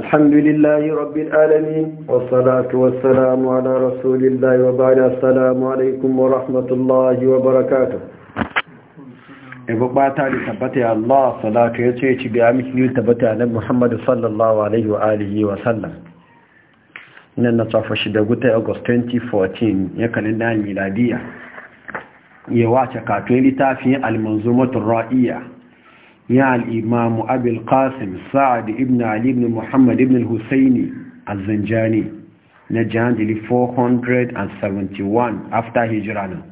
الحمد لله رب العالمين والصلاة والسلام على رسول الله وبعد السلام عليكم ورحمة الله وبركاته ba ta da tabbata ya Allah salatu ya ce ci biya miki yi tabbata na Muhammadu sallallahu alaihi wa alihi wa sallam nan na tsafa shi da guta August 2014 ya kanin da miladiya ya wace katon littafin al-manzumatur ra'iyya يا الإمام أبي القاسم سعد ابن علي بن محمد ابن الحسيني الزنجاني نجان 471 after هجرانه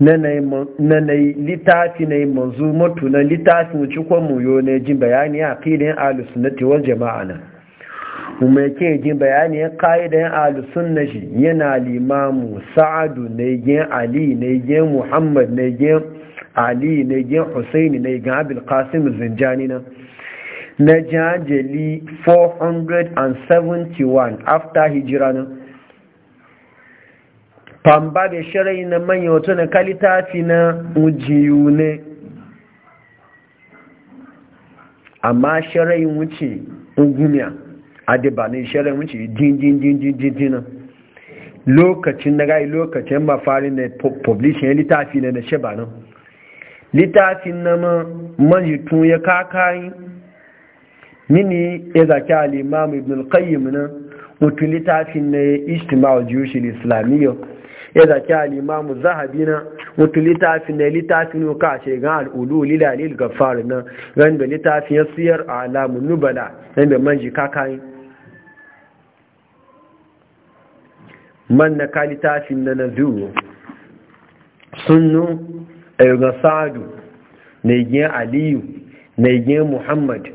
na na littafi na yi manzu mutu na littafin wuce ko muyo na jin bayani a ƙirin alusunnati wal jama'a na kuma yake jin bayani ya ƙa'idan na shi yana limamu sa'adu na yin ali na yin muhammad na yin ali na yin husaini na yin abil qasim zinjani na na jajali 471 after hijira na famba da shirai na manyan wato na kalitafi na ujiyu ne amma shirai wuce ungumiya adibanin shirai wuce jinjinjinjinjin na lokacin na gai lokacin mafarin na publishin littafi na na sheba nan littafin na manjitun ya kakayi mini ya zaki alimamu ibn al-qayyim nan mutu littafin na ya ishtimawar jiyushin islamiyyar ya zaki al'imamu zahabi na mutu littafin na littafin ne ka ce gan al'ulu lilalil gafaru na gan da littafin ya siyar a alamun nubala na mai manji kakayi man na ka littafin na na zuwa sadu na aliyu na yi muhammad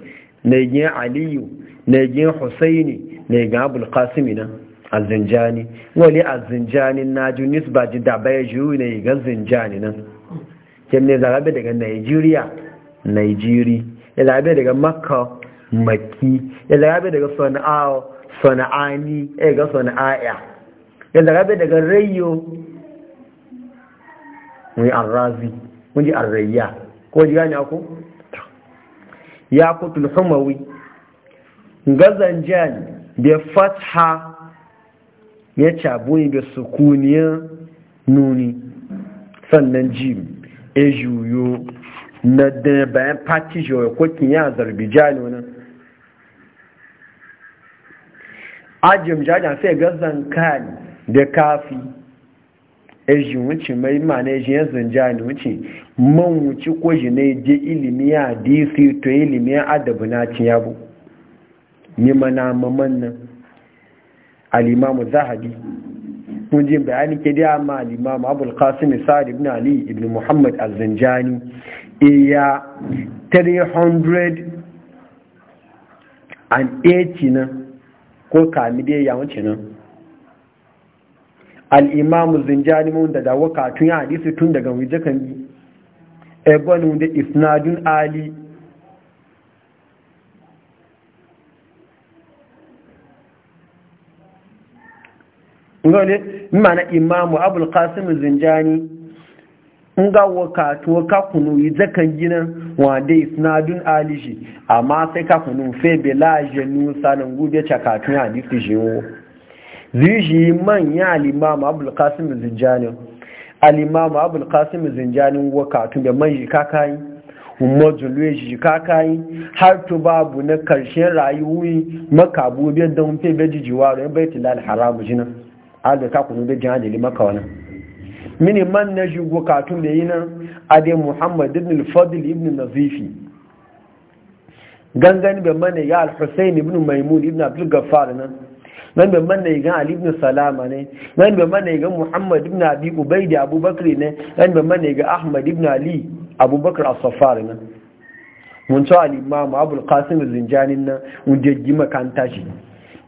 na aliyu na yi husaini na igiyar azinjani wani azinjani na ju nisba ji da baya jiru ne ga zinjani nan kim ne zarabe daga nigeria nigeri ya zarabe daga makka maki ya zarabe daga sana'a sana'ani ya ga sana'aya ya zarabe daga rayo wani arrazi wani arrayya ko ji gani ako ya kutul humawi ga zanjani bai fatha ya caboyi da sukuniyar nuni sannan jim e juyo na da bayan pati jowa kwakin ya zarbijan wani ajiyar jajen sai gazan kan da kafi ji wuce mai mana ji ya zanjani wuce man wuce ko ji na je ilimi a dc to ilimi a adabu na ci yabo ni mana mamman nan alimamu zahadi kun mun ji bayani ke da amma alimamu abul qasim sa'd ibn ali ibn muhammad al zanjani iya 300 and eci nan ko kami dai ya wuce nan al'imamu Zanjani mun da dawo katun ya hadisi tun daga wujakan yi ebonin da isnadun ali ngole mana imamu abul qasim zinjani nga waka to ka kunu izakan gina wa da isnadun alishi amma sai ka kunu fe bela jenu sanan gube ya hadisi jiwo zishi man ya al abul qasim zinjani alimamu abul qasim zinjani waka to da man shi kakai umma julwe shi kakai har to babu na karshen rayuwi makabu bi da mun fe beji jiwaro baitul haram jinan alda ka kunu da jihadi li maka wani mini man na shigo katun da yi nan ade muhammad ibn al-fadl ibn nazifi gangan bai mana ya al-husayn ibn maimun ibn abdul gaffar nan nan bai mana ya ali ibn salama ne nan bai mana ya muhammad ibn abi ubaidi abubakar ne nan bai mana ya ahmad ibn ali abubakar as-saffar nan mun ta al-imam abul qasim az-zinjani nan mun jejji makanta shi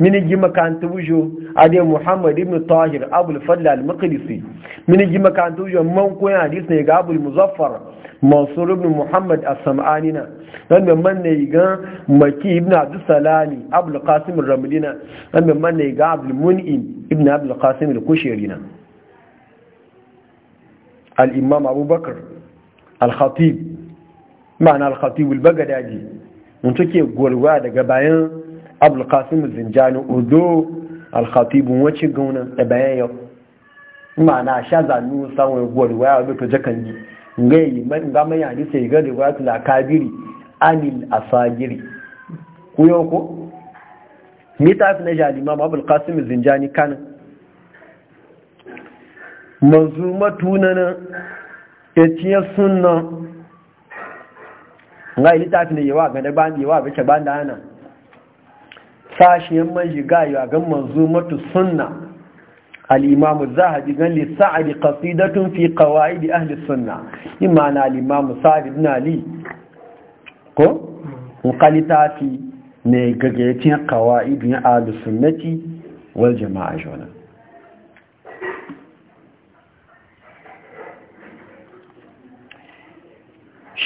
minigi makaranta wujo ade muhammad ibn tahir abul fadl al maqdisi minigi makaranta wujo man koyan hadisi ne ga abul muzaffar mansur ibn muhammad as-sam'ani na dan da man ne ga maki ibn abdus salami abul qasim ar-ramli na dan da man ne ga abul mun'im ibn abdul qasim al-kushairi na al-imam abubakar al-khatib ma'ana al-khatib al-bagdadi mun take gurwa daga bayan abul qasim zinjani udo al-khatib wace gauna da bayan yau ma'ana sha zanu samun gwar waya wadda to jakan yi ngai ga mai hadisi ya gari wa tula kabiri anil asagiri ku yau ko ni ta fi na jalima ma abul qasim zinjani kana ya nan etiyar sunna ngai litafi na yawa ga da bandi yawa bace da ana Sashen man shiga yi a gan manzumatu sunna al'imamu zahabi gan lissa'adi kasidatun fi kawai da ahli sunna imana al'imamu sa'adi na li ko? fi ne gagayacin kawai da ahli sunnati wal jama'a jona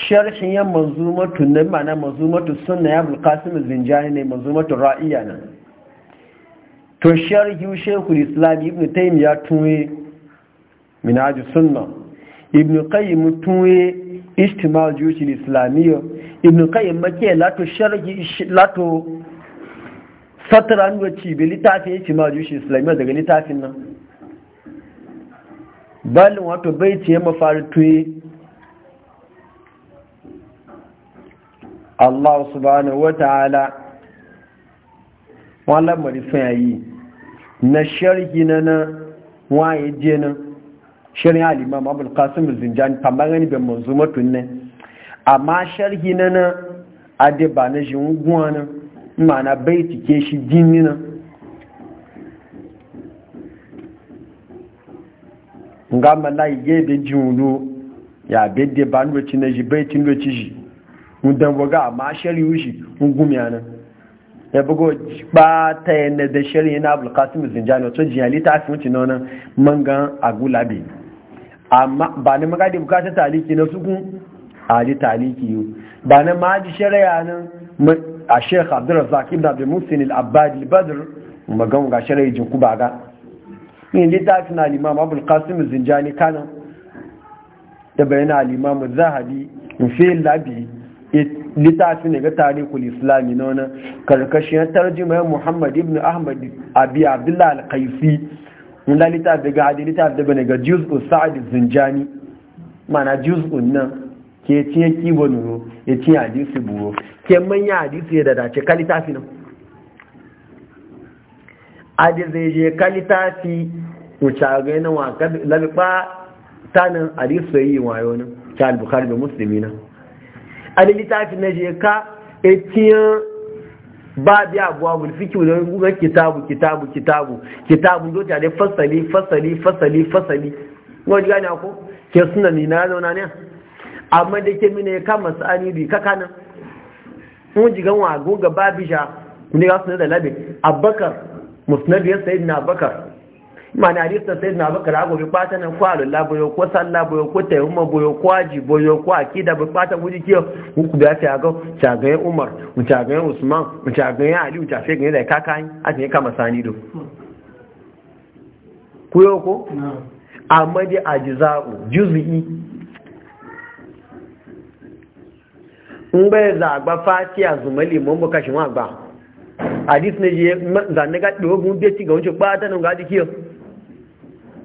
sharshin yan manzumatu na mana manzumatu sunna ya bulkasim zinjani ne manzumatu ra'iya nan to sharhi shekul islam ibn taim ya tuwe minaju sunna ibn qayyim tunwe istimal jushil islamiyya ibn qayyim make lato sharhi lato satran wacce bi littafin ijtima'ul jushil islamiyya daga littafin nan bal wato baiti ya mafari tuwe Allah subhanahu wa ta'ala wọn lamari fún ayi na sharhi na na waye je na shirin al-imam Abdul Qasim Zinjani tambaga ni be manzumatun ne amma sharhi na na ade ba na jin gwa na mana bai tike shi dini na ngamba na yebe jinulu ya bedde banwe cinaji bai cinwe ciji dan waga amma shari wushi mun gumiya nan ya bugo ba ta yana da shari yana abul qasim zinjani wato jiyali ta fi wuce nona mangan agulabe amma ba ni maka da bukatar taliki na sukun a ji taliki yi. ba na ma ji shari'a nan a sheikh abdurrazzaq ibn abdul musin al-abbad al-badr magan ga shari'a jin ku baga in ji ta fi na limam abul qasim zinjani kana da bayan al-imam zahabi in fi labi littafin daga tarihul islami na wani karkashiyar tarjimar muhammad ibn ahmad abi abdullahi alkaifi wanda littafi daga hadi littafi daga daga juz'un sa'ad zinjani mana juz'un nan ke ciye kibo nuro ya ci hadisi buro ke manya hadisi ya dada ka littafi nan adi zai je ka littafi wuce ga yana wa lalba tanin hadisi yi wayo nan ta al-bukhari da musulmi nan ani litafi na je ka etiyan ba bi abuwa bul fiki da gugan kitabu kitabu kitabu kitabu do tare fasali fasali fasali fasali ngo ji gane ko ke suna ni na zauna ne amma da ke mine ka masani bi ka kana? mun ji gan wa goga babisha ne ga suna da labe abakar musnad ya sayyidina mana hadisa sai na baka da agobi bata nan kwa lulla boyo ko sallah boyo ko tayyuma boyo ko aji boyo ko akida bi bata guji kiyo ku da ta ga chagaye Umar mu chagaye Usman mu chagaye Ali mu chagaye gane da kakan ake kama sani do ku yo ko amma dai ajza'u juz'i in bai za gba fatiya zumali mun buka shi wa gba hadis ne je zanne ga dogon beti ga wancan ba ta nan ga dikiyo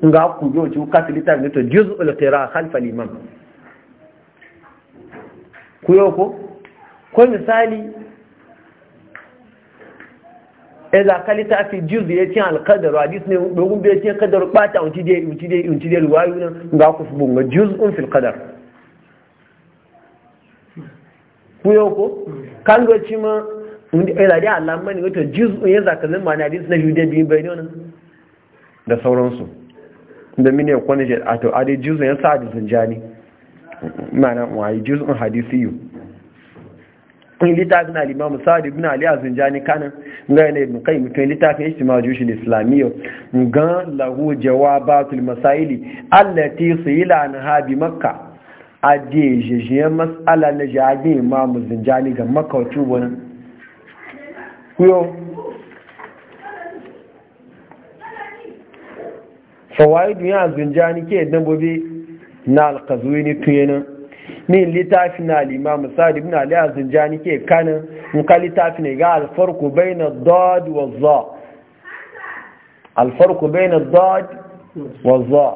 nga ku jo ci ka filita ne to juz'ul qira'a khalf al-imam ku yo ko ko misali idan kalita fi juz ya ci al-qadar hadis ne dogun bai ci qadar ta unti de unti de unti de ruwayu nan nga ku fubu ga juz'un fil qadar ku yo ko kan go ci ma ila dai Allah mani wato juz'un ya zakalin ma na hadis na jude bi da sauransu da mini kwanu je a to ade juzun yan hadisin jani mana wai juzun yi in littafin al-imam sa'ad ibn ali az-zinjani kana ga ne ibn qayyim to littafin ijtima' jush al-islamiyyo ga lahu batul masaili allati sila anha bi a ade jeje mas'ala na jadi imam zinjani ga makawacin wani fawaidu ya zunjani ke dambobi na alkazwini tuyenan min littafi na limamu sa'ad ibn ali azunjani ke kanin in ka littafi ne ga alfarku bai na dad wa za alfarku bai na dad wa za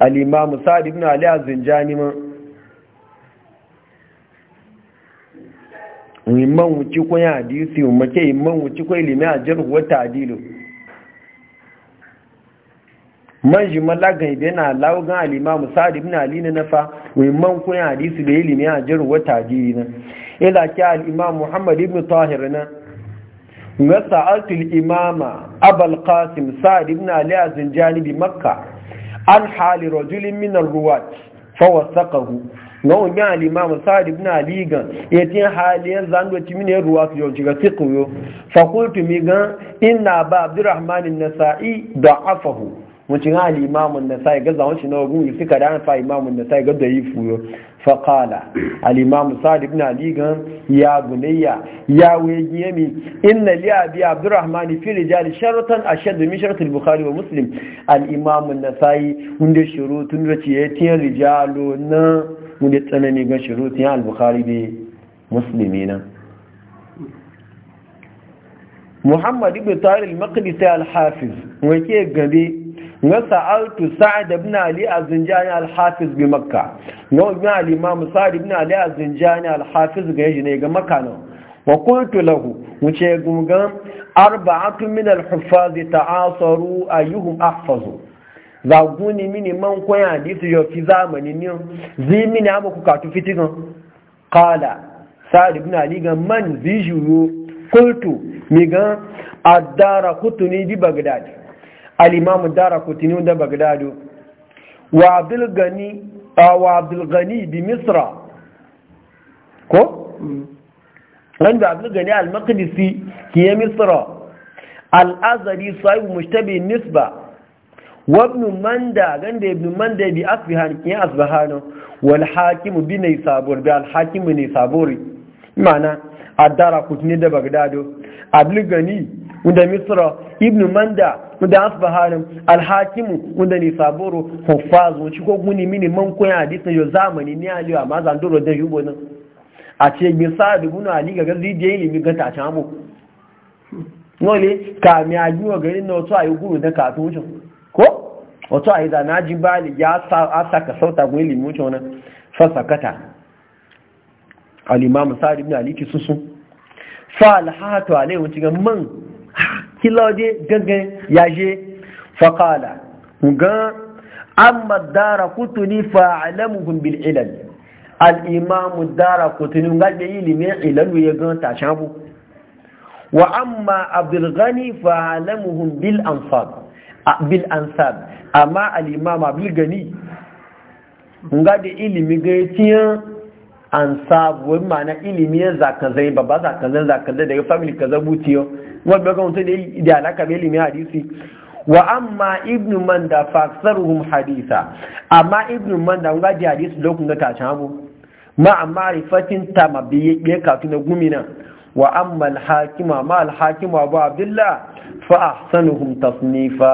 al-imamu sa'ad ibn ali azunjani ma muhimman wuci ko ya hadisi umarke imman wuci ko ilimin ajar wata adilu man shi malaga ibe na laugan alimamu sa'ad bin ali na nafa muhimman ko ya hadisi da ilimin ajar wata adilu na ila ki al-imam muhammad ibn tahir na ga sa'altu al-imama abul qasim sa'ad ibn ali Zanjani bi makka an hali rajulin min ar-ruwat fa wasaqahu gawon yan alimamu sa'ad ibn ali gan ya tin haliyan zango timine ruwa su yau shiga fiqh fakultu mi gan ina ba abdurrahman an-nasa'i da'afahu mutum al-imam an-nasa'i ga zawon shi na gun suka da fa imam an-nasa'i ga yi fuyo fa qala al-imam sa'ad ibn ali gan ya bunayya ya wayi yami inna li abi abdurrahman fi rijal sharatan ashad min sharat al-bukhari wa muslim al-imam an wanda hunde shurutun da ce ya tin rijalo na wanda tsanani ga shirutun al-bukhari bi musulmi nan muhammad ibn tahir al-maqdisi al-hafiz wake gabe na sa'altu sa'ad ibn ali az-zinjani al-hafiz bi makka na ibn ali imam sa'ad ibn ali az-zinjani al-hafiz ga yaji ne ga makka nan wa qultu lahu wuce gungan arba'atu min al-huffaz ta'asaru ayyuhum ahfazu zaguni mini man koyan hadisi yau fi zamanin yau zi mini abu ku katu fiti kan kala sa'ad ibn ali ga man zi shuru kultu mi ga addara kutuni bi bagdad al-imam addara kutuni da bagdad wa abdul gani wa abdul gani bi misra ko mm. ran da abdul gani al-maqdisi ki misra al-azali sahib mujtabi nisba وابن مندا غند ابن مندا بي اصبحان كي اصبحان والحاكم بن يسابور بي الحاكم بن يسابوري معنى الدار كتني ده بغدادو غني ودا مصر ابن مندا ودا اصبحان الحاكم ودا يسابورو حفاظ وشي كو غني مين من كو حديث يو زماني ني علي اما زاندورو ده يوبون a ce bin sa'adu guna ali ga gazi da yi mi gata can abu nole ka mi ajiwa garin na wasu wato a yi zana ji bali ya saka sauta gwai limuce wani fasakata alimamu sa'adu ibn Aliki ki susu fa alhatu alaihi wuce gan man kilaje gangan yaje fa qala ga amma dara kutuni fa alamuhum bil ilal alimamu imam dara kutuni gaɗe yi ilimi ilalu ya ta tashabu wa amma abdulgani ghani fa alamuhum bil anfaq bil ansab amma al'imama bil gani nga da ilimi ga yaciyan ansab wani mana ilimi ya zakazai babba zakazai zakazai daga family kaza butiyo wani bakan mutum da alaka da ilimi hadisi wa amma ibnu man da faksaruhum hadisa amma ibnu man da nga da hadisi lokacin da tashin abu ma amma rifatin mabiyi ya kafi na gumina wa amma al-hakima ma al-hakima abu abdullah fa ahsanuhum tasnifa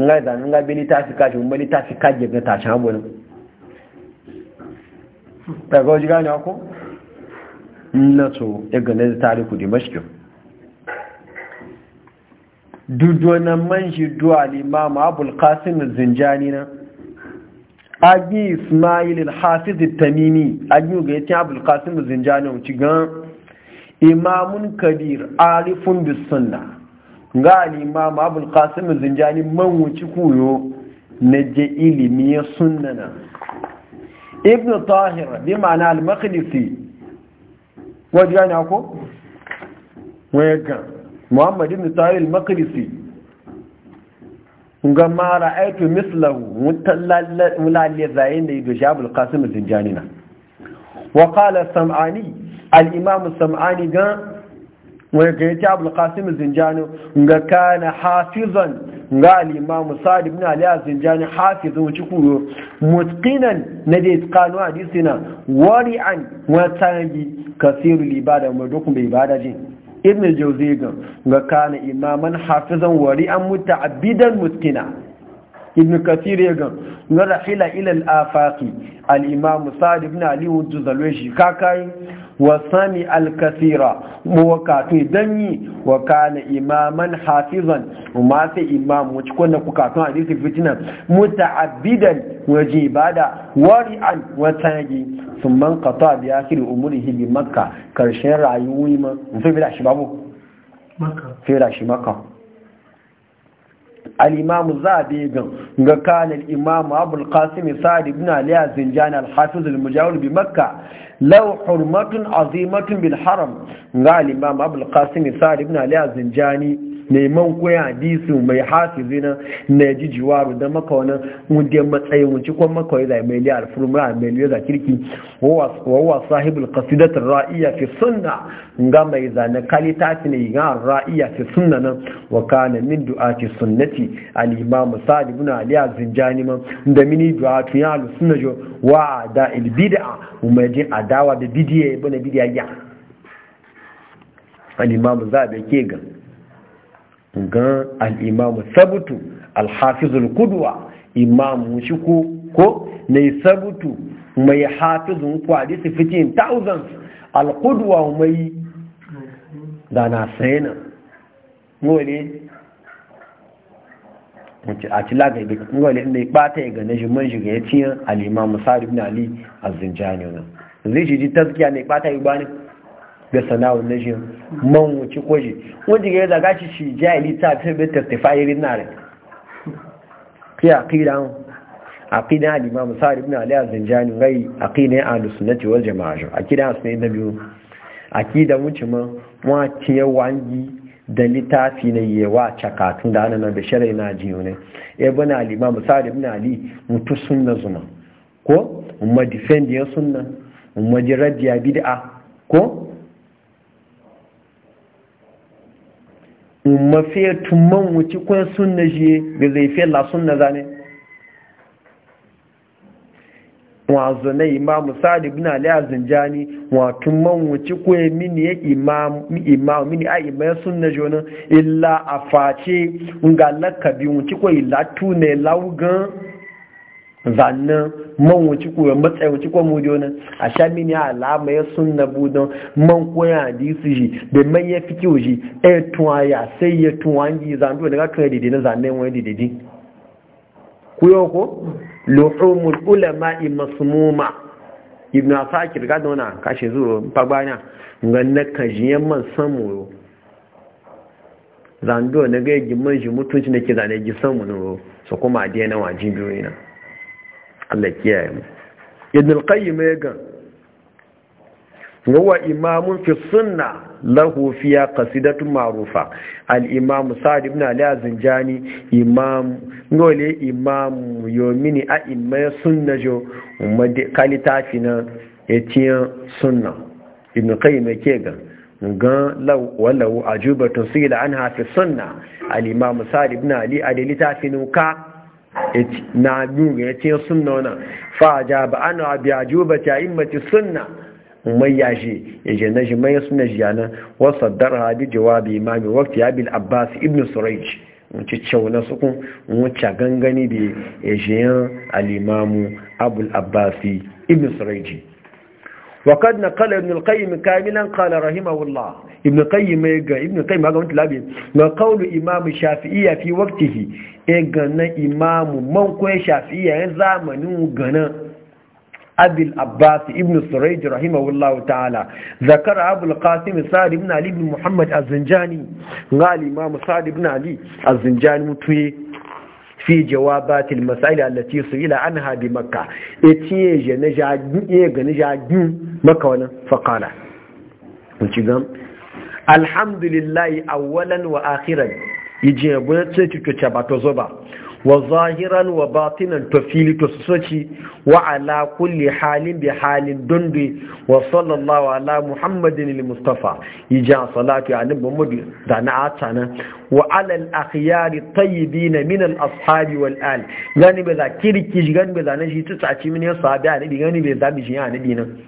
ngai da nga bini ta fi kaji mun litafi ka je ga tashin abun ta ga ji gane ko na to e ga ne tariku di mashkin dudwana man shi duwa limama abul qasim zinjani na agi ismail al-hafiz at-tamimi agi ga yace abul qasim zinjani ci gan imamun kabir alifun bis sunnah ga al'imam abul qasim zinjani manwuci koyo na je ilimi ya sunnana ibn tahir bi ma'ana al-maqdisi wajen ya ko? ga. muhammad ibn tahir al-maqdisi ga mara aiki mislahu wulalle zayin da ido shabul qasim zinjani na wa qala sam'ani al-imam sam'ani gan wani ga yake abul zinjani ga kana hafizan ga al-imam sa'd ibn ali zinjani hafizan wuci kuro mutkinan na da itqanu hadisina wari'an wata yi kasiru ibada mu dukkan bai bada jin ibn jawzi ga kana imaman hafizan wari'an an mutqina ibn kathir ya ga ga rahila ila al-afaqi al-imam sa'd ibn ali shi kakai وسمي الكثير موكاتي دني وكان اماما حافظا وما في امام وتكون كاتون حديث فتنه متعبدا وجيبادا ورعا وتاجي ثم انقطع باخر امره بمكه كرشين رايوي ما في شبابه مكه في راشي مكه الامام الزادي قال الامام ابو القاسم سعد بن علي الزنجاني الحافظ المجاور بمكه lau hurmatun azimatun bil haram ga al-imam abul qasim sa'd ibn ali az-zinjani neman koya hadisi mai hafizi na na ji jiwaru da makawana wunde matsayin wuce kwan makawai zai mai liya alfurma mai liya kirki wawa sahibul kasidatar ra'iya fi sunna ga mai zane kalita fi ne ga ra'iya fi sunna nan wa kana min ci sunnati al-imam sa'd ibn ali az-zinjani man da mini tun ya al-sunna jo wa da adawa da bidiyar. ibn bidiya ya ke gan gan al'imamu sabutu alhafizul kuduwa imamu shiku ko na sabutu mai hafizun kwadi su 15,000 alkuduwa mai da na sayana wale wace a cila ga da wale inda ya bata ya gane shi man shiga ya ciyan al'imamu sa'ad ibn ali a zinjani nan zai shi ji taskiya ne bata ya bani ya sana'o na shi man wuce kwaje wajen ya zaga shi shi jahili ta fi bai tattafa irin na rai ki aqida aqida al-imam sa'id ibn ali az-zanjani gai aqida al-sunnati wal jama'a su ne na biyu a mun wuce ma wa tiye wangi da littafi na yewa cakatun da ana na da bishare na jiyo ne ibn al-imam sa'id ibn ali mutu sunna zuma ko umma defend ya sunna umma jiradiya bid'a ko mafiya tumman wuci kwan sunna shi ga zai fiye la sunna zane wazo na imamu sadi ibn ali az-zinjani wa tumman wuci ko mini ya imamu mini a imam sunna jona illa afaci ngalaka bi wuci ko illa tune laugan zannan man wuce ko matsayin wuce kuwa mu jona a sha mini alama ya na budon man koya hadisi shi da man ya fiki wuji e tuwa ya sai ya tuwa ji zando daga tuwa dide na zannan wani dide ku yau ko luhumul ulama masmuma ibn asakir ga dona kashe zuro pagbanya ngan na kajiyan man samu zando na ga yi man shi mutunci ke zane gisan samu no su kuma adiye na wajin na Allah kiyaye mu ibn al-qayyim ya ga huwa imamun fi sunna lahu fiya qasidatun ma'rufa al-imam sa'd ibn ali az-zinjani imam ngole imam yomini a imma sunna jo umma kalita fina yatiya sunna ibn qayyim yake ga gan walau ajubatun sila anha fi sunna al-imam sa'd ibn ali adilita finuka na dunga ya ce sunna wana fa'aja ba ana abi ba ta mace sunna mai ya shi ya je na shi mai suna shi yana wasa darha bi jawabi imami wakti ya bil abbas ibn suraj wuce cewa na sukun wuce gangani da ya je yan alimamu abul abbas ibn suraj وقد نقل ابن القيم كاملا قال رحمه الله ابن القيم ابن القيم هذا انت ما قول امام الشافعي في وقته اغنا امام منكو الشافعي ان زمانه غنا ابي العباس ابن سريج رحمه الله تعالى ذكر ابو القاسم سعد بن علي بن محمد الزنجاني قال امام سعد بن علي الزنجاني متوي fi jawabatil masail allati su'ila anha bi makka yace je na jagin e ga na jagin makka wannan fa qala mun ci gam alhamdulillah awwalan wa akhiran yaje bu sai ci to ba to zo ba wa zahiran wa batinan to fili to soci wa ala kulli halin bi halin dundu wa sallallahu ala muhammadin al mustafa ija salatu ya nabi muhammad da na atana wa ala al akhyar tayyibin min al ashabi wal al gani be za kirki gani be za na shi ci min ya a annabi gani be za bi shi nabi nan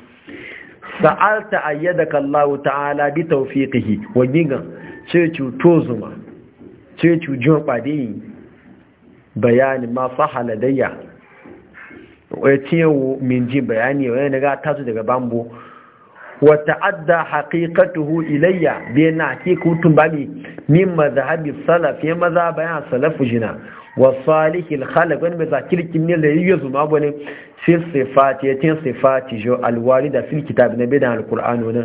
sa'alta ayyadaka Allah ta'ala bi tawfiqihi wa gigan ce cutozuma ce cujon jin yi bayani ma fahaladayya ya ciyewo min ji bayani wani na ga tasu daga bambo wata adda haƙiƙatuhu ilayya bai na haƙiƙutun ba ne min mazhabi salaf ya maza bayan salafu jina wa salihil khalaq wani mai zakirkin ne da yiwu zuma bane fil sifati ya tin sifati jo alwari da fil kitab na bidan alkur'ani wani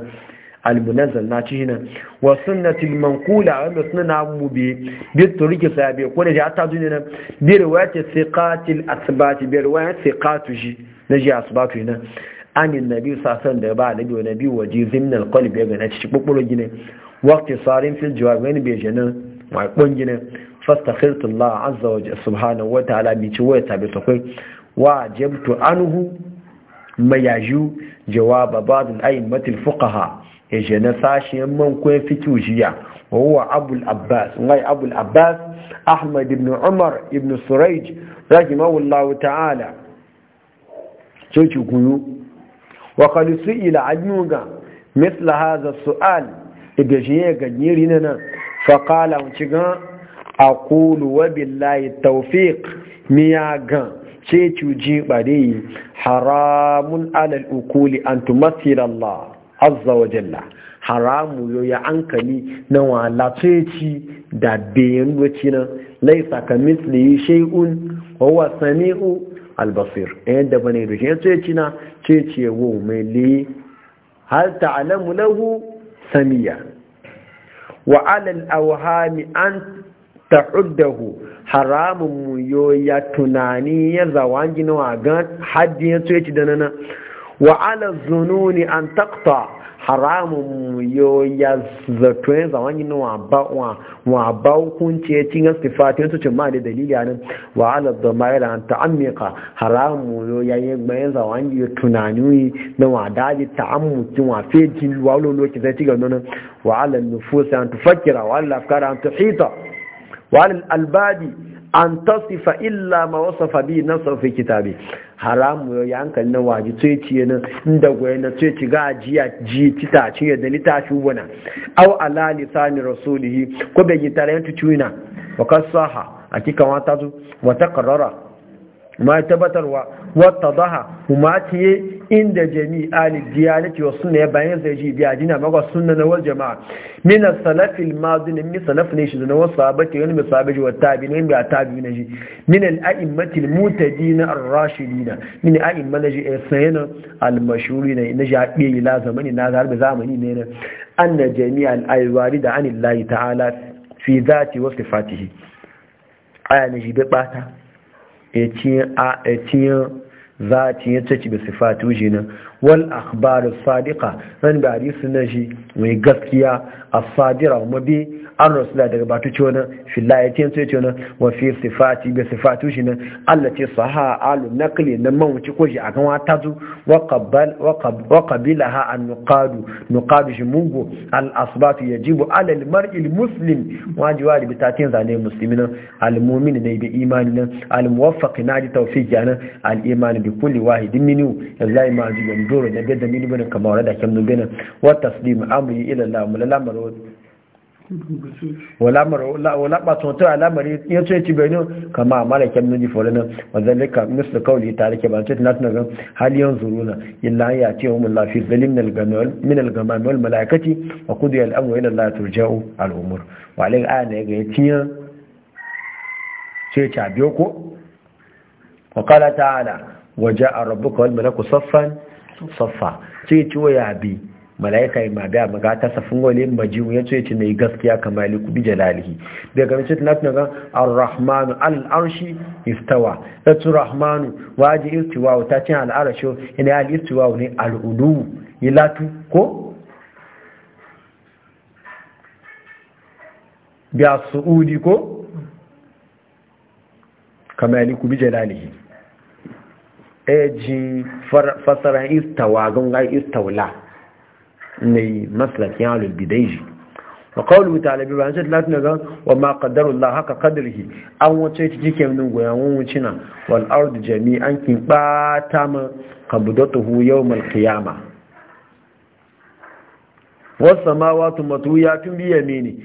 المنزل ناتجنا وسنة المنقولة عمتنا نعمو بي بالطريق سابق كون جاء تعدوننا برواية ثقات الأثبات برواية ثقات جي نجي أثبات هنا عن النبي صلى الله عليه وسلم دربا نبي ونبي وجي زمن القلب يغن أتشي بقبولو جينا وقت صارين في الجواب وين بيجنا وعقون جينا فاستخلت الله عز وجل سبحانه وتعالى بيتوية تابتوكي وعجبت عنه ما يجو جواب بعض الأئمة الفقهاء Ije na sashen man kwen jiya wa abul abbas abul abbas ahmad ibn umar ibn suraij rahimahullah ta'ala coci kuyu wa qad ila anyuga mithla hadha su'al iga jiya ga nyiri nan fa qala unciga aqulu wa billahi tawfiq miyaga ce cuji bare haramun alal ukuli an tumathila allah azza wa jalla haramu yo ya ankali na wala ci da bayan wace nan laisa ka misli shay'un wa huwa sami'u albasir yadda bane da shi ceci na ceci wo mai li hal ta'lamu lahu samia wa ala al-awhami an ta'uddahu haramun mu yo ya tunani ya zawangi na wa ga haddi ya ci da nana wa ala zununi an taqta haramun yo ya zato ya wani yin wa ba wa ba hukunci ya cin istifati wasu cin ma da dalili anan wa ala dhamaira an ta'ammiqa haramun yo ya yi gbayan zama yin tunani na wa daji ta'ammukin wa fejin wa loloki zai ci gano nan wa ala nufusa an tufakkira wa ala afkara an tuhita wa ala albadi an tasifa illa ma wasafa bi nafsa fi kitabi haramu ya yi hankali na waji tsoye ciye na inda gwaye na tsoye ci gaji ya ji tita ci yadda ni ta shi wana au ala lisani rasulihi ko bai yi tare ciwina wa kasaha a kika wata zu wata karara ma tabbatarwa wata zaha kuma ce inda jami'a ne diyanati wa suna ya bayan zai ji biya dina maka suna na wasu jama'a mina salafil mazin min salaf ne shi na wasu sabati wani mai sabaji wa tabi ne mai tabi na ji min al'a'immatil dina ar-rashidina min a'imma na ji sayyana al-mashhuri ne na ji haɗe ila zamani na zarbe zamani ne na anna jami'a al-aywari da anillahi ta'ala fi zati wa sifatihi aya na shi bai bata etiyan zati ya tace ba sifatu jina wal akhbar as-sadiqa ran da hadisi na shi mai gaskiya as-sadira kuma an rasula daga batu ce wani filla ya ce ce wani wa fi sifati ga sifatu shi nan Allah ce saha alu nakli na mawuci ko shi akan wata zu wa kabila ha a nuqadu nuqadu shi mungu al ya yajibu Alal al mar'i al muslim waji wa bi tatin zane muslimin al mu'min ne bi imani nan al na ji tawfiq yana al imani bi kulli wahidin minu yallahi ma ji gandoro na gadda minu bane kamar da kyan bane Wata taslim amri ila Allah mulalla wala ɓatuntar alamari ya ce ci ne kama a mara kyan nuji folina wanda zalika mr kawai tare ke bance na tunaga haliyan zuruna illa ya ce wa mulafi zali min algamamiyar malakaci a kudu ya al'amuwa yana latar jau al'umur wa alai aya na ya gaya ya tiyan ce ci a biyo ko wa kala ta'ala waje a rabu kawai malaku saffan saffa ce ciwo ya bi malaika yi ma biya maga ta safin wale majiyu ya ce ce mai gaskiya kamar liku bi jalalihi daga ce ta nafi gan ar-rahmanu al-arshi istawa yatsu rahmanu waje istiwa ta cin al'arashi ina al-istiwa ne Al'udu yi latu ko biya su'udi ko kamar liku bi jalalihi ejin fasara istawa gunga istawla ne maslakin a bidai shi wa qawlu ta'ala bi ba'an shaddatu naga wa ma qaddarullahu haka qadrihi an wace ciki kemin ma qabdatuhu yawm bi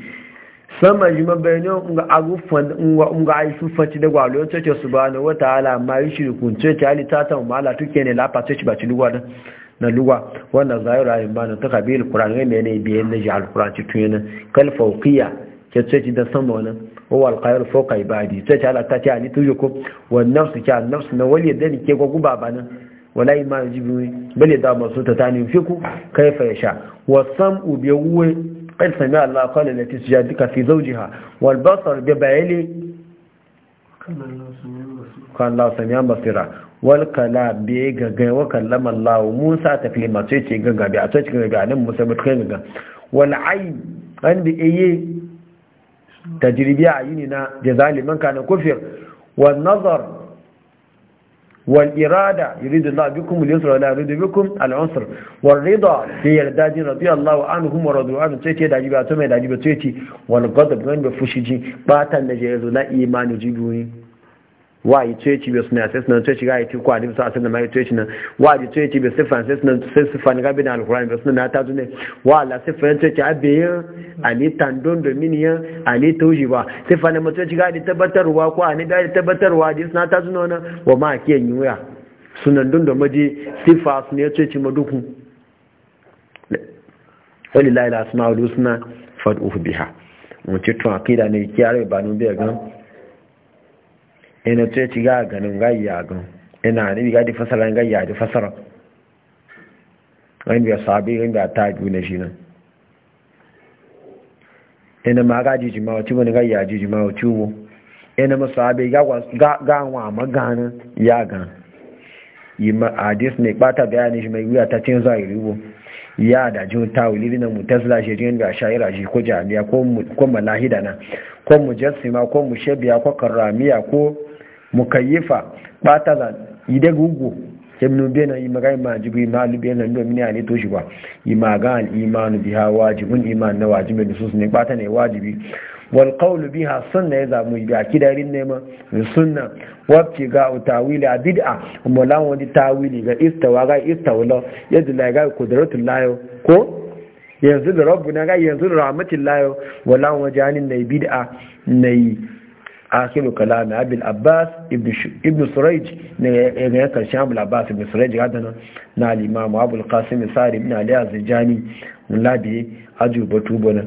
sama yi mabayanin unga agufan unga unga ai sufanci da gwalo cece subhanahu wa ma yi shirkun cece ali tata mala tuke ne la fa cece ba ci lugwa dan na luwa wanda zahiru rayu ba na ta kabi alkuran ne ne biyan na ji alkuran ci tun yana kalfaukiya ke ce da sama wani wa alkayar fauka ibadi ce ce ta ce ali tuyo ko wannan su ke nafsi na wali da ni ke gwagwu ba nan wala yi ma ji biyu bale da masu ta tani fi ku kai fa ya sha wasan ubiya wuwe kai sami allah kwanan da tisu ya duka fi zaujiha walbasar bai bayani kan allah sami basira wal kala bi gaga wa kallama Allah Musa taklima sai ce gaga bi a sai ce gaga nan Musa bi kai gaga wal ay an bi eye tajribi ayini na da zaliman kana kufir wal nazar wal irada yuridu Allah bikum al yusra wa la yuridu bikum al usra wal rida bi yardadi radiyallahu anhum wa radu anhu sai ce da jiba to mai da jiba sai ce wal ghadab gan bi fushiji batan da je zo la imani jibuyi wa yi ceci suna sai sunan ceci ga yi tiku a nisa a sunan mai ceci nan wa yi ceci siffan sai sunan sai siffan ga bin alkurani bai suna ta zune wa la siffan ceci a bayan ali tandon dominiyan ba siffan na mutuci ga tabbatarwa ko a ni yi tabbatarwa da wa ma a kiyan yiwuya da maji siffa wani suna wani suna biha tun akida ne kiyarai ba nun ina ce ci ga ganin gayya gan ina ne ga di fasara gayya di fasara wani biya sabi rin da ta biyu na shi ina ma ga jiji ma wacce wani gayya jiji ma wacce wo ina ma sabi ga wa maganin ya gan yi ma adis ne bata bayani shi mai wuya ta cin zai ribo ya da jin tawili na mu tasla shi jin ga shayira shi ko jami'a ko malahida na ko mujassima ko mushabiya ko karamiya ko mukayyifa bata da ide gugu ibn bena yi ma jibi ma lubi na ndo mini ani to shi ba imagan imanu biha wajibun iman na wajibin su ne bata ne wajibi wal qawlu biha sunna ya zamu bi akidarin nema sunna wabti ga tawili a bid'a amma lan wani tawili ga istawa ga istawla yadda la ga qudratul layo ko yanzu da rabbuna ga yanzu da rahmatul layo wala wajanin nay bid'a nay akilu kalami Abul abbas ibn suraj ne ya sha abul abbas ibn suraj gadana na limamu abul qasim sari ibn ali azjani mulabi ajubatu bonan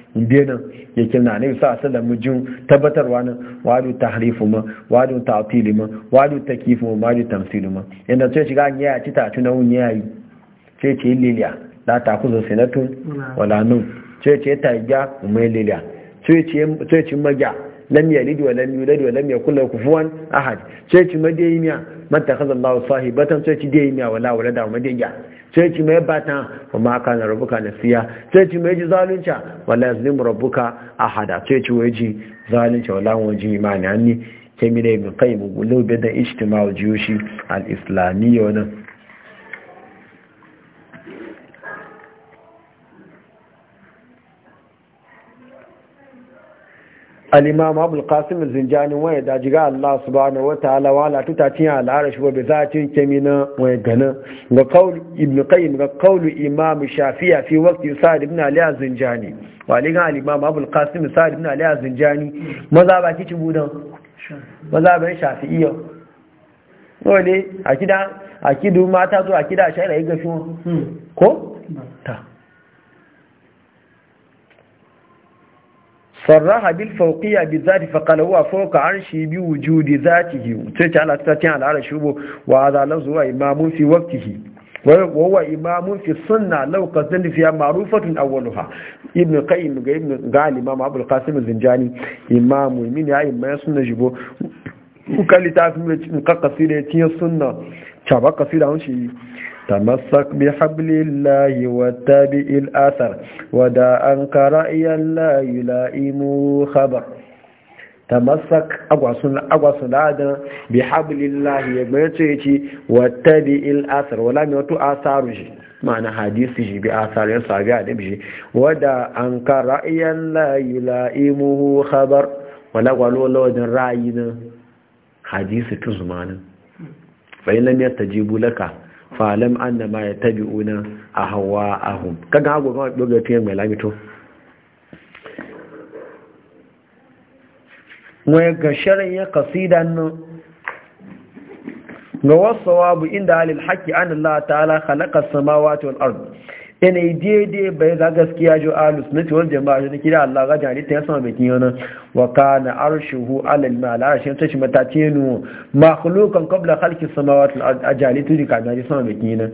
biyanin ya kirna ne sa mu jin tabbatarwa nan wadu harifu ma wadu ta'til ma wadu kifu ma wadu tamsil ma inda ce shiga an yaya ci tatu na wunya yayi ce ce liliya la ta kuzo sinatun wala nun ce ce taiga umai liliya sai ce ce magya lam yalid wa lam yulad wa lam yakul lahu kufuwan ahad ce ce madayimiya man takhadha Allahu sahibatan ce ce dayimiya wala da madayimiya sai ci mai bata ma aka na rabuka na siya sai ci mai ji zalunca wala rubuka a ahada sai ci ji zalunca wala ji imani anni kemine ibn qayyim gulu bidan ijtima'u jiyushi al-islamiyya wani. al'imam abul qasim zinjani waya dajiga Allah subhanahu wa ta'ala wala tuta cin al'arashi wa bi zatin kemina waya gana ga qaul ibn qayyim ga qaul imam shafi'a fi waqti sa'd ibn ali zinjani wali ga al'imam abul qasim sa'd ibn ali zinjani maza ba kici budan maza ba shafi'iyya dole akida akidu mata zo akida shaira ga shi ko ta sarraha bil fawqiyya bi zati fa qala huwa fawqa arshi bi wujudi zatihi sai ta Allah ta tiyan al'ara shubo wa hadha zuwa wa imamun fi waqtihi wa huwa imamun fi sunna law qasan fiha ma'rufatun awwaluha ibn qayyim ga ibn gali ma abul qasim zinjani imamu min ya imma sunna jibo ku kalita fi mu kakkasi da tiyan sunna ta ba kasira hun shi تمسك بحبل الله واتبع الأثر ودا أنك رأيا لا يلائمه خبر tamassak agwasun ladan bi hablillahi ya ya ce wata bi wala mai wato asaru shi ma'ana hadisi shi bi asaru yan sabi adam shi wadda an ka ra'ayen layu la'imuhu wala falam annama ya tabi'una a hawa ahun kaga hagu ɗoga tuyen mai lamito wai ga sharin ya kasida nan ga wasu wabu inda halil haƙi an Allah ta'ala halakar samawa ta yanayi daidai bai za gaskiya jo alus na tiwon jama'a shi kira Allah ga jari ta yasa mai nan wa kana arshuhu alal mala arshin tashi matatinu makhluqan qabla khalqi samawati ajali tudi ka jari sama mai kiyona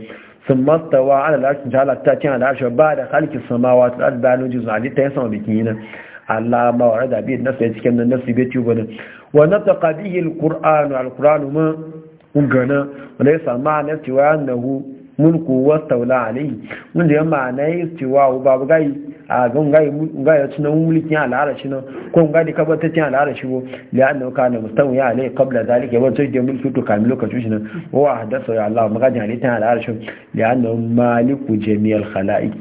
thumma tawa ala arshin arshi Allah ta cin ala arshi ba da khalqi samawati albanu ji ali ta yasa mai nan Allah ma wa'ada bi nasu ya cikin nan nasu bai tuba ne wa nataqa bihi alqur'anu alqur'anu ma ungana wa laysa ma'ana tiwa annahu mulku wa taula alayhi mun da yamma na yi cewa babu gai a ga gai gai ngai mulki ya mulkin shi nan ko ngai da kaba ta kabatacin shi ko la anna na mustawi ya alayhi qabla zalika wa tajid mulki to kamilo ka shi nan wa hadasa ya Allah jani ta halittar al'arashi la anna maliku jami'al khalaiq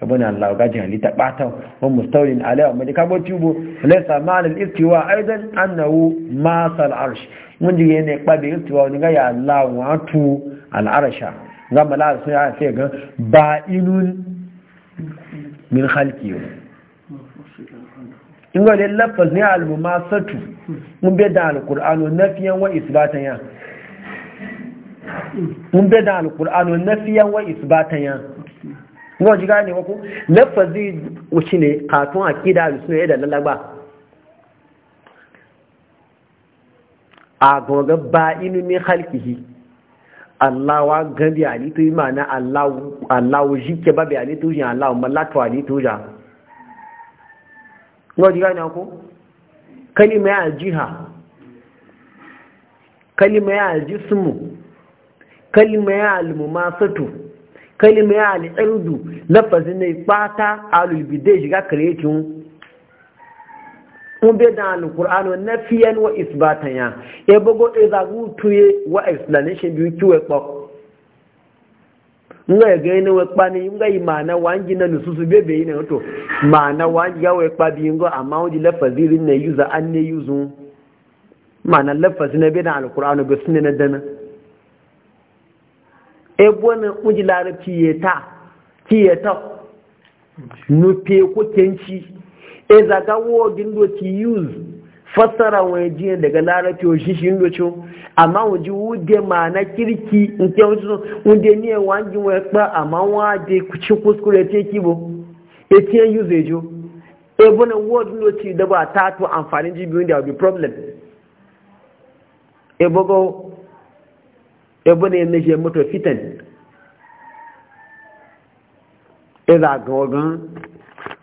abuna Allah ga jani ta bata wa wani mustaurin alayawa mai kabo tubo laysa laisa al-istiwa aidan annahu ma sal arsh mun ji ne kwabe istiwa ni ga ya Allah wa wato al'arsha gama la sun ya ce ga ba inun min halki in ne mun bai da wa isbatan ya mun bai da wa isbatan ya ji gane wuce ne akida suna da lalagba a goga ba inu min halkihi Allah wa gabi alitu imana Allah Allah jike babi alitu jin Allah mallatu to ja ngo diga na ko kalima ya jiha kalima ya jismu kalima ya sato kalima ya alirdu lafazin ne fata alul shiga kare un bai da alkur'ano na fiyan wa isbatan ya e bago e zagu tuye wa explanation biyu kiwe N nga ya gani wa kpa ni nga yi mana wangi na nususu bebe yi na to mana wangi ya wa kpa biyu nga amma wani lafazi rin na yuza an ne yuzu Ma'ana lafazi na bai da alkur'ano bai sunne na dana e bwana uji larabci ya ta ki ya ta nufe ko tenci e zaga wogin do ti use fasara wani jiyan daga larabci wa shi shi yin doce amma waje wude ma na kirki in ke wasu wude ne wangin wa kpa amma ku kucin kuskure te kibo e ti yin use jo e bana word no ti da ba ta to amfanin jibiyun da bi problem e bogo e bana yin nashi motor fitan e zaga wagan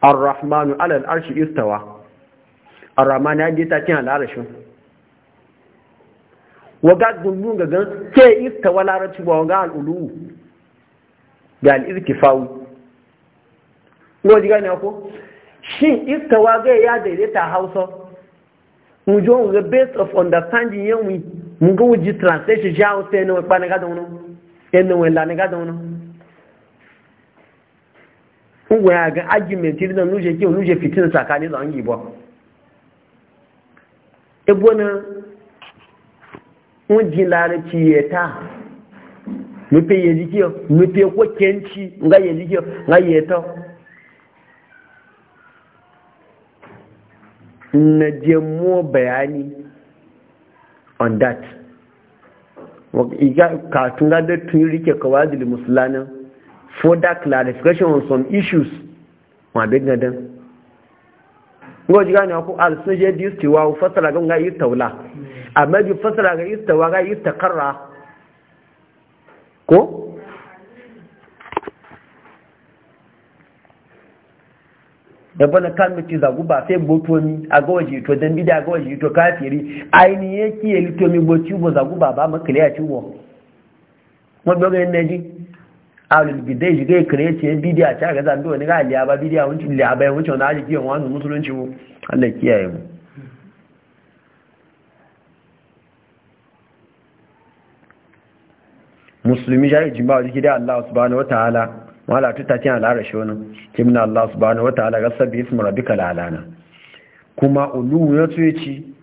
ar-rahmanu ala al-arshi istawa ar-rahman ya je kin cin al-arshin wa ga gungun ga gan ke istawa larabci ba ga al-ulu ga al-irtifawi ngo diga ne ko shin istawa ga ya daidaita Hausa mu jo the best of understanding yan mu mu ga wuji translation ja o sai no pa ne ga dono en no en la ne ga dono ungo aga ga argument idan nuje ke nuje fitin tsakani da angi ba ebo na un jilare ci yeta nupe yeli kiyo nupe ko kenci nga yeli kiyo nga yeto na je mo bayani on that ka tunga da tun rike kawadil musulanin further clarification on some issues ma big gadan ngo ji gani ko al sun je dis tiwa fasara ga yi taula amma bi fasara ga istawa ga istaqarra ko da bana kan mutu zagu ba sai gboto ni a ga waje to dan bida ga waje to kafiri aini yake lito mi gboci bo zagu ba ba makale a ciwo mo doga ne ji alul bidai shiga ya kare ce bidiya ta ga zando wani ga liya ba bidiya wunci liya ya wuce wani aji kiyon wani musulunci mu Allah kiyaye mu musulmi ya yi jimawa wajen gida Allah subhanahu wata ta'ala wala tuta ce al'ara shi wani kimna Allah wata wa ta'ala ga sabbi ismu rabbika lalana. kuma uluwu ya tsoye ci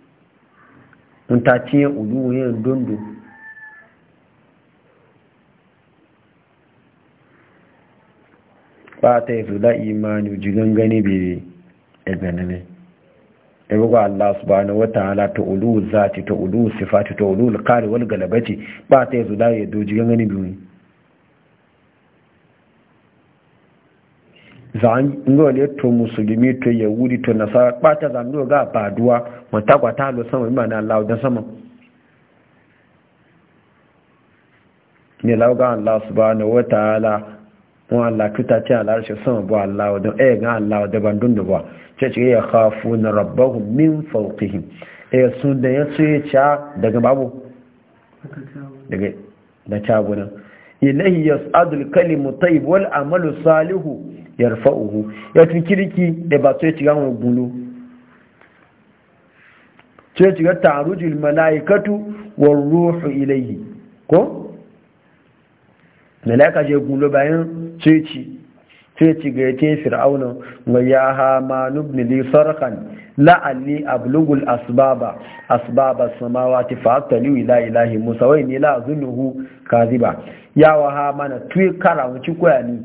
mun ta ce uluwu ya dondo fata ya fi la'imani ji gangani bai egani ne ibuwa Allah subhanahu wataala ta ulu zati ta ulu sifati ta ulu alqari wal galabati ba ta yazo da yado ji gangani biyu zan ngole to musulmi to yahudi to nasara ba ta zamdo ga baduwa mata kwata lo sama imana Allah da sama ne lauga Allah subhanahu wataala wọn Allah kuta ce Allah shi sama bu Allah wa don eh ga Allah wa daban dun da ce ce ya khafu na rabbahu min fawqihim eh su da ya ce cha daga babu daga da cha gona ilahi yas'adul kalimu tayyib wal amalu salihu yarfa'uhu ya tun kirki da ba ce ga mu gulu ce ce ga ta'rujul malaikatu war ruhu ilayhi ko malaka je gulo bayan ceci ceci ga yake fir'auna wa ya ha ma nubni li sarqan la ali ablughu al asbaba asbaba samawati fa wa la ilahi musa wa ni la zunuhu kaziba ya wa ha mana tuye kara ci koya ni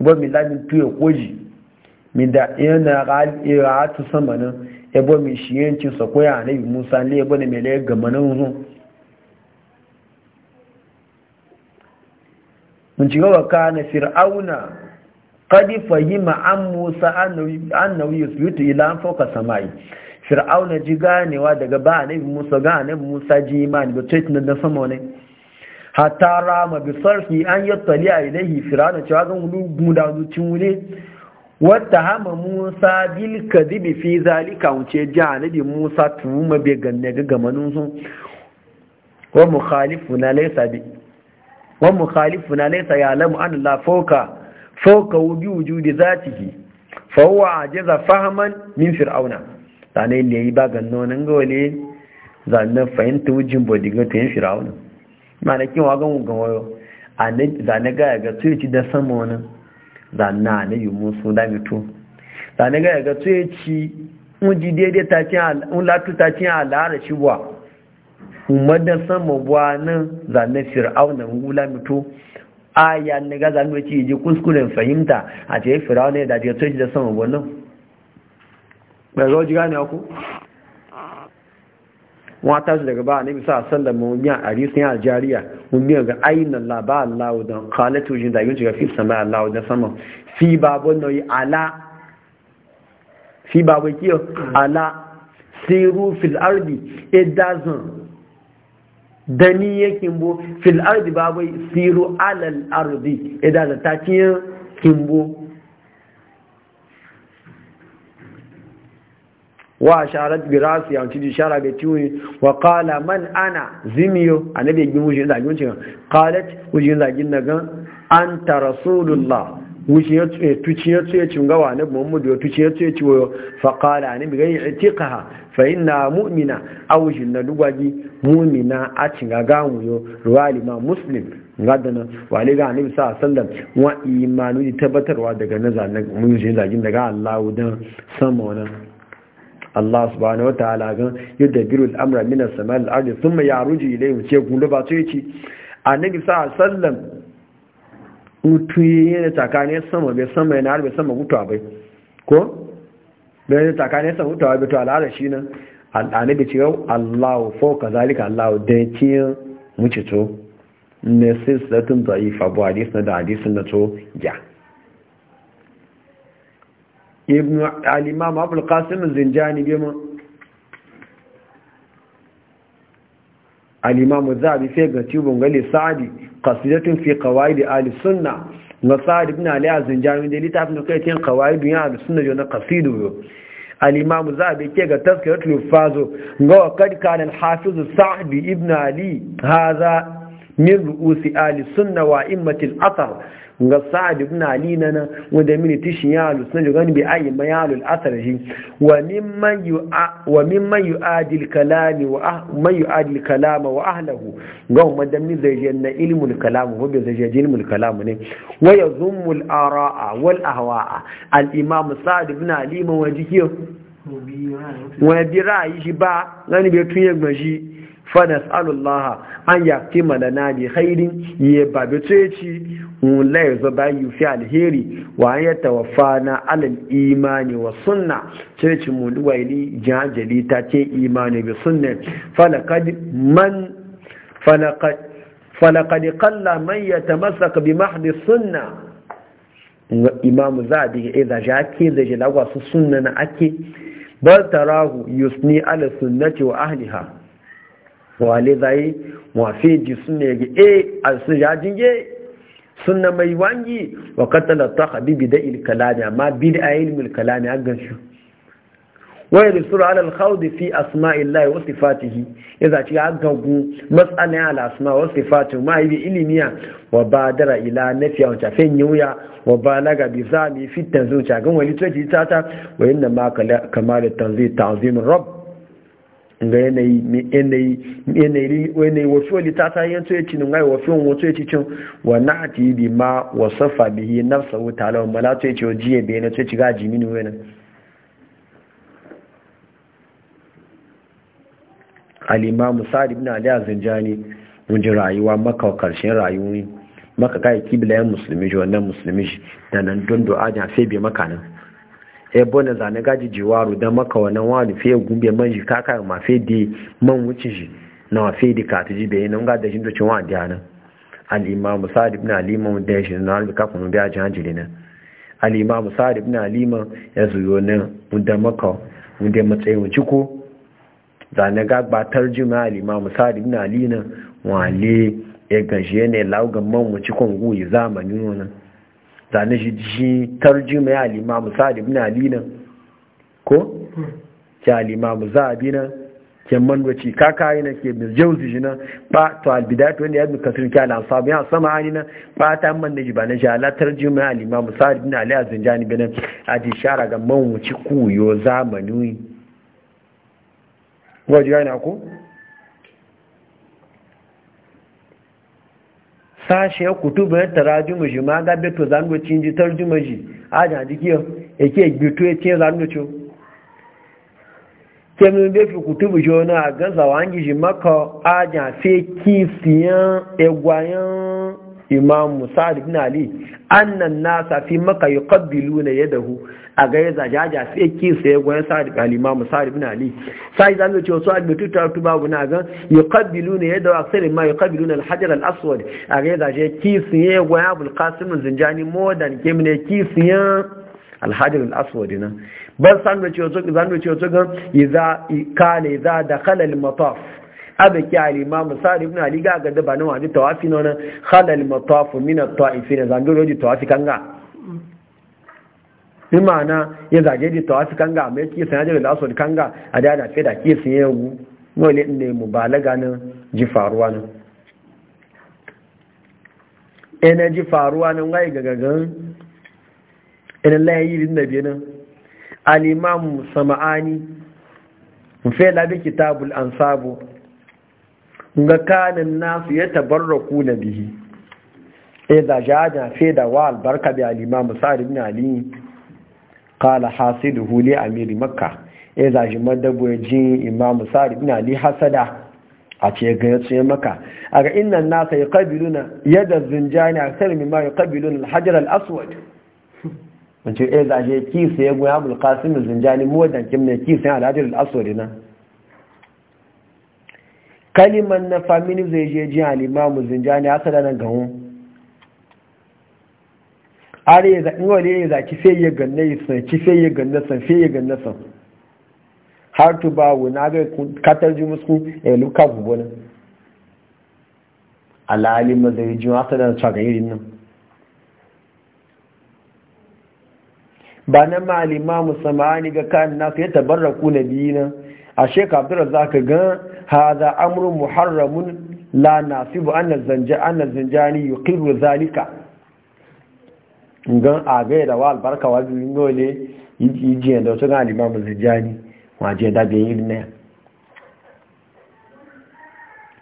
bo mi la ni tuye koji mi da yana gal iratu samanin e bo mi shiyen ci sokoya nabi musa le bo ne mele gamanin Mu wa gaba kana fir'auna qad fahima an musa ila an fawqa samai fir'auna ji ganewa daga ba annabi musa ga annabi musa ji imani ba tsaye tunan sama ne hatta rama bi sarfi an yattali ilaihi fir'auna cewa ga muda da zucin wule wata hama musa bil kadibi fi zalika wuce ji annabi musa tuhuma bai ganne ga gamanin sun wa mukhalifuna laysa bi wa mukhalifuna laysa ya'lamu an la fawka fawka wujudi zatihi fa huwa ajaza fahman min fir'auna dane ne yi ba ganno nan ga wale zanna fahimta wujin bodi ga tayin fir'auna mana kin wa gan gan wayo an zanna ga ga tuci da sama wani zanna ne yi musu da mito zanna ga ga tuci mun ji daidai ta cin al'un ta cin al'ara shi wa umada sama buwanan zane fir'auna ngula mito aya ne ga zane wace ji kuskuren fahimta a ce fir'auna da ya yi da sama wannan bai zo ji gane ku wata su daga ba a nemi sa sallar mawuyan a risun ya jariya mawuyan ga ayin Allah ba Allah wadon kalatu jin da yunci ga fi sama Allah da sama fi babu nauyi ala fi babu kiyo ala siru fil ardi idazun e dani ni yake bo fil ardi babu siru alal ardi idan da ta kimbo wa sharat bi rasi ya ci shara ga ciwi wa qala man ana zimiyo annabi gimu shi da gimu shi qalat da zagin daga anta rasulullah tuciyar cin gawa na muhammadu ya tuciyar tsaye ciwo faƙala ne bigayi a tikaha fa'in na mu'mina a wujin na lugwaji mu'mina a cin cinga gamu yo ruwalima muslim gadana wale ga annabi sa sallam wa imanu tabbatarwa daga nazarin mun je zagin daga Allah dan sama wannan Allah subhanahu wa ta'ala gan yadda birul amra min as-sama'i al-ardi thumma ya'ruju ilayhi sai kun ba to yace annabi sallallahu alaihi wasallam hutu yana tsakanin sama bai sama yana harbe sama hutuwa bai ko bai yana tsakanin sama hutuwa bai to al'ada shi nan cewa allahu fauka zalika allahu don kiyan to ne bu hadis na da hadisun na to ya ibn al-imam abul qasim zinjani bai al-imam az-zahabi sai ga tubun gali sa'di qasidatun fi qawaid al-sunna na sa'd ibn ali az-zanjani da litafin kai tin qawaid ya al-sunna jo na qasidu al-imam az-zahabi ke ga tazkiratul fazo ga kad kana al-hafiz sa'di ibn ali hadha min ru'usi al-sunna wa immatil athar nga sa'ad ibn ali nan wanda min tishin ya alu sunan jogani bi ayi ma ya alu asar shi wa mimma yu wa mimman yu'adil kalami wa ah, man yu'adil kalama wa ahlihi ga madan ni zai je na ilmul kalam ko bi zai je ilmul kalam ne wa al araa wal ahwaa al imam sa'ad ibn ali ma wajiyo wa bi ra'ayi shi ba ngani bi tun ya shi fanas'alullah an yaktima na bi khairin ya babe tsoyaci mun la yazo ba yi fi alheri wa an yatawaffana alal imani wa sunna tsoyaci mu duwaili jajali ta ce imani bi sunna falaqad man falaqad falaqad qalla man yatamassak bi mahdi sunna imam zabi idza jaki ake jilagwa lagwasu sunna na ake bal tarahu yusni ala sunnati wa ahliha wale zai mafi ji sun e eh, a su ya jinge sun mai wangi wa katala ta habibi da ilkalami amma bidi a ilmi kalami an ganshi wani da sura alal khawdi fi asma'illahi wasu fatihi ya zaci ya gagu matsalin ala asma wasu fatihi ma yi ilimiya wa badara ila nafiya wa tafen yuya wa balaga bi zami yi tanzu zuciya. gan wani tsoji tata wa da ma kamar tanzi tanzimin rabu. ga yanayi yanayi yanayi wasu wali ta ta yanzu ya cinu ngai wasu wani wasu ya ci cin wa na hati bi ma wasu fabihi nafsa wuta ala wani malatu ya ce wa jiye bai na ci gaji mini wani alimamu sa'ad ibn ali az-zinjani mun ji rayuwa maka karshen rayuwa maka kai kibla musulmi ji wannan musulmi da nan don du'a da sai bai maka nan ya na zane gaji jiwaru don maka wani wani fiye gumbe man shi kaka ma fiye di man wuce shi na ma fiye di kati ji bayan nan gada shi docin wani diana alima sa'ad ibn alima da ya shi na halbi kafin biya ji hajjili na. alima sa'ad ibn alima ya zuyo na wanda maka wanda matsayin ciko zane ji jima alima sa'ad ibn alina wale ya gajiye ne laugan man wuce kongu zamanin wannan zane shi shi tarjima ya limamu sa'ad ibn ali nan ko ya limamu zabi nan ke manwaci kakayi nan ke jauzi shi nan ba to albidatu wanda ya bi kasirin ke ala sabu ya sama ani nan ba ta man da ba na shi ala tarjima ya limamu sa'ad na ali a zinjani bi nan a ji shara ga manwaci kuyo zamani wajen na ko sashe kutubu ya tarajumu shi ma ga beto zangoci ji tar shi a jan jiki yake e gbito ya e ce zangoci kemin befi kutubu shi wani a gansa wa hangi shi maka a jan fe kisiyan egwayen imam musa'ad ibn ali annan nasa fi maka yuqabbiluna yadahu a ga ya zajaja sai ki sai goyen sa'ad ibn imam musa'ad ibn ali sai zan ce wasu albatu ta tuba guna ga yuqabbiluna yadahu aksar ma yuqabbiluna al-hajar al-aswad a ga ya zaje ki sai goyen abul qasim zinjani modan kemne ki sai al-hajar al-aswad na ban san da ce wasu zan ce wasu ga idza kana idza dakhala al-mataf abaki al-imam sa'd ibn ali ga ga dabana wa ji tawafi nan khala al-mataf min at-ta'ifin zan dole ji tawafi kanga bi ma'ana ya zage ji tawafi kanga mai ki ji da laso kanga a da da fe da ki sun yawu wale ne mubalaga nan ji faruwa nan ina ji faruwa nan ga gagagan ina din da biyan al-imam sama'ani mu fe bi kitabul ansabu ga kanin nasu ya tabarraku na bihi e da jaja fe da wa albarka bi al-imam sa'd ibn ali qala hasiduhu li miri makka e da ji ji imam sa'd ibn ali hasada a ce ga yace maka aga innan nasa yaqabiluna yada zinjani akthar mimma yaqabiluna al-hajar al-aswad wace e da je kisa ya goya abul qasim zinjani mu wadan kimne kisa al-hajar al-aswad na kaliman na famini zai je jin alimamu zinjani asa da nan gawon are ya zaɓi wale ya zaki sai ya ganna san ki sai ya ganna san sai ya ganna san har tu ba wu na ga katar ji musu ya eh, luka gubo nan alali ma zai ji asa da tsaga irin nan ba na ma alimamu samani ga kan nasu ya tabarraku na biyu nan a shekaru da za ka gan هذا أمر محرم لا ناسب أن الزنجاني يقر ذلك ngan abe da wa albarka wa bin dole yiji da to ga limamu zijani wa da bin ibn ya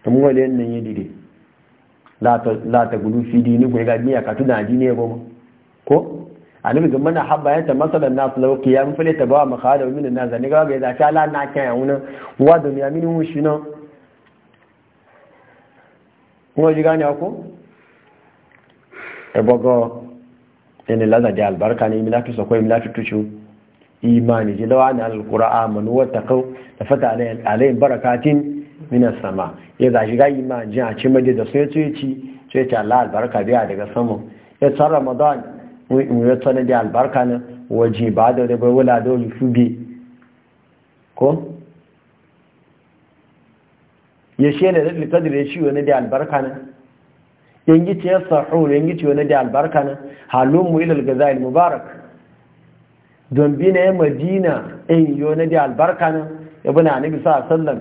to mun wale nan yi dide la ta gudu ni ga biya ka tuna ko annabi ga mana haba yanta masalan nas law qiyam fa ta ba makhada min nas ne ga ga ta la na kan yawun wa da ya mun shi na ngo ji gani ako e bogo in la da ja albarka ne milatu so ko milatu tuchu imani ji lawa na alqur'an man wa taqaw da fata alai barakatin min as-sama ya da shiga imani ji a ce made da sai ce ci ce ta Allah albarka biya daga sama ya san ramadan ya tsana da albarka ne waje ba da wani bai wula da wani ko ya shi ne da kadir ya ci wani da albarka nan yanki ce ya sa'o yanki ce wani da albarka ne halon mu ilal gaza il mubarak don bi na ya madina in yi wani da albarka ne ya bi na anabi sa sallan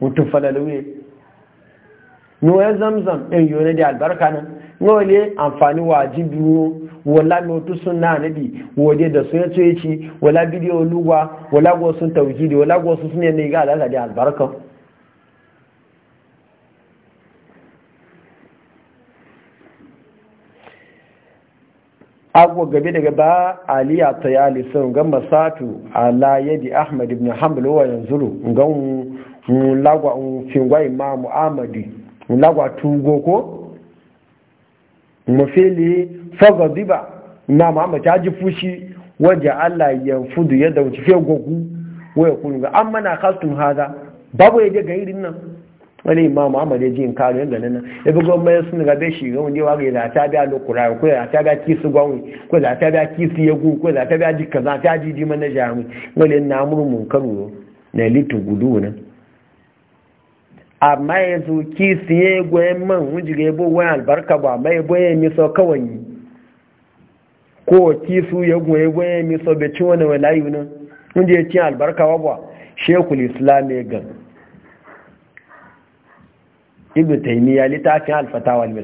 mutum falalwe nuwa ya zamzam in yi wani da albarka ne nuwa ne amfani wajibi wala mutu suna nabi wode da sun yace ci wala bidiyo luwa wala go sun tauhidi wala go sun sunne ne ga Allah da albarka agwa gabe daga ba aliya ta yali sun ga masatu ala yadi ahmad ibn hanbal wa yanzuru ga lagwa fingwa imamu amadi lagwa tugo ko mafili fagadiba na ma'amma ta ji fushi waje Allah ya fudu yadda wuce fiye gogu waya kunu ga amma na kastun haza babu ya je ga irin nan wani imamu amma ji in karo yadda nan ya bugon mai sun suna bai shiga wanda yawa ga ya ta biya lokura ko ya ta biya kisi gwamnati ko ya ta biya kisi yagu ko ya ta biya jika za ta ji ji mana jami wani na murmun karo na litin gudu nan amma ya zo ki siye gwayen man wujiga ya wani albarka ba mai boye miso kawai ko ki su ya goye boye miso bai ci wani walayu nan wanda ya ci albarka ba ba shekul islam ya gan ibn taymiya littafin alfatawa al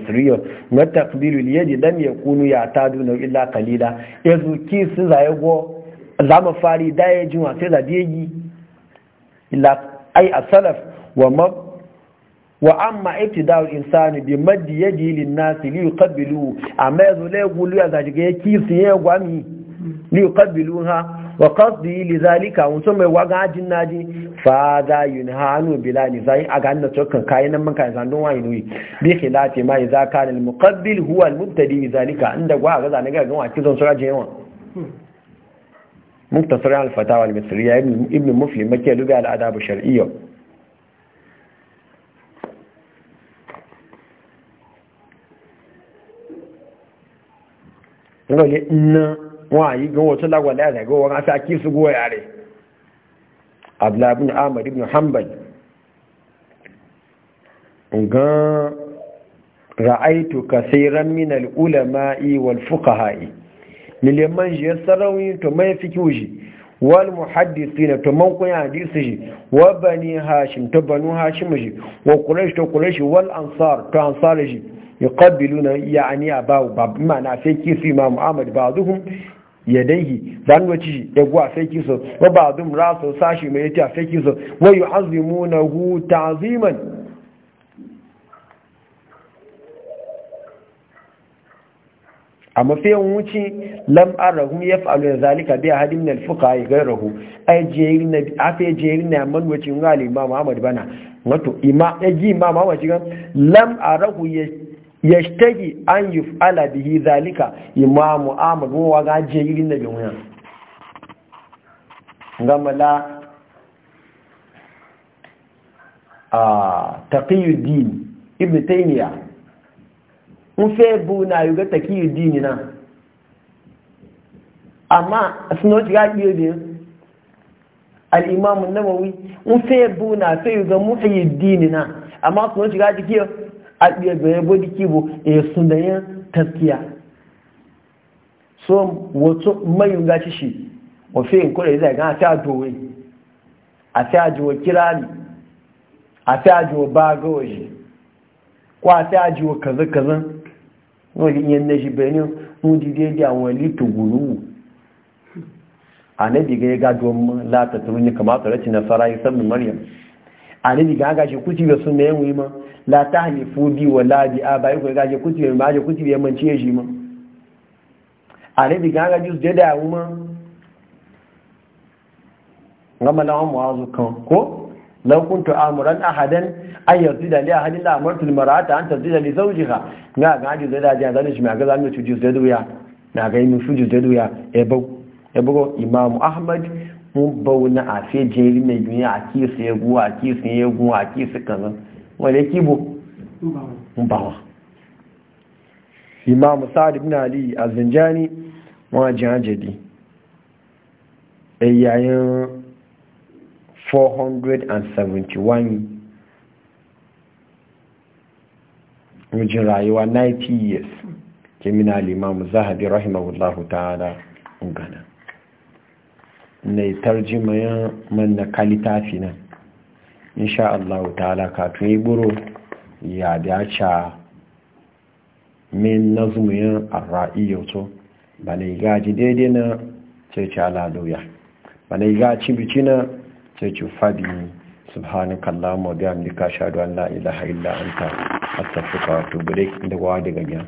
mata na ya ji dan ya kunu ya ta duna illa kalila ya zo ki su zaye go zama fari da ya ji wa sai da yi ila ai asalaf wa wa amma ibtida'ul insani bi maddi yadi lin-nas li yuqabbilu amma yazo la yaqulu ya zaji ga kisi ya gwami li ha? wa qasdi li zalika mun so mai waga jin naji fa za yunhanu bila nizai aga annan tokan kayan nan manka zan don wani nuyi bi khilati ma iza kana al-muqabbil huwa al-mubtadi li zalika inda gwa ga zan ga gwa wa kizon sura jewan muktasar al-fatawa al-misriya ibn muflim makke lubi al-adab al-shar'iyya ngole inna wa yi ga wato lagwa da daga wa asa aki su go yare abdullah ibn ahmad ibn hanbal ga ra'aitu kaseeran min al-ulama'i wal fuqaha'i miliyan ya sarawi to mai fikiuji wal muhaddisina to man kun hadisi shi wa bani hashim to banu hashim shi wa quraish to quraish wal ansar to ansar shi yuqabbiluna yani abahu bab ma'ana sai kisi imam ahmad ba'dhum yadaihi dan wace ya gwa sai kiso wa ba'dhum rasu sashi mai yata sai kiso wa yu'azzimunahu ta'ziman amma sai wuce zalika bi ahadin min al-fuqaha ghayruhu ay jeyin nabi afa na man wacin ngali imam ahmad bana wato ya e ji imam lam arahu yashtagi an yuf'ala bihi zalika imamu ahmad wa wa gaje yirin da bin wuya gamala a taqiyuddin ibn taymiya mun fe bu na yuga taqiyuddin na amma suno ji ga biyo ne al-imam an-nawawi mun fe bu na fe yuga muhyiddin na amma suno ji ga biyo a da ya bodi kibo e sunayen taskiya so wato yunga ci shi wafe yi zai gan a fi adowe a fi ajiwo kirani a fi ga waje ko a fi ajo kaza-kaza wani yin na shi benin mun dide da àwọn ilito guru a na diga ya gado mun latattun ne kamata rashin nasara yi sabbin maryam anibi ga gashi kuti be sunna yan wi ma la tahlifu bi wala bi abai ko gashi kuti be ma je kuti be man ce shi ma anibi ga gashi da da wu ma ngama lawa muazu kan ko law kuntu amuran ahadan an yazida li ahadin la amartu al mar'ata an tazida li zawjiha ga gashi da da jan zani shi ma ga zani ci juz da duya na ga yin su juz da duya ebo ebo imam ahmad ń bọ́ wọn náà àfẹ́jẹ́ ilé mẹ́jọ àkíyèsí egun àkíyèsí egun àkíyèsí kankan wọ́n lè kíbo ń bá wọn imam sa'ad ibn ali az wọ́n jẹ́ 471 rujin 90 years ngana mai tarjimayen manna na in insha Allah ta'ala ka tuni buru ya dace min nazumin arra'i yato gaji daidai na cece aladoya bane gaci bici na cece fabi subhanakallah mu wa bihamdika shaɗu an ilaha illa an astaghfiruka wa atubu wato inda wa daga gyan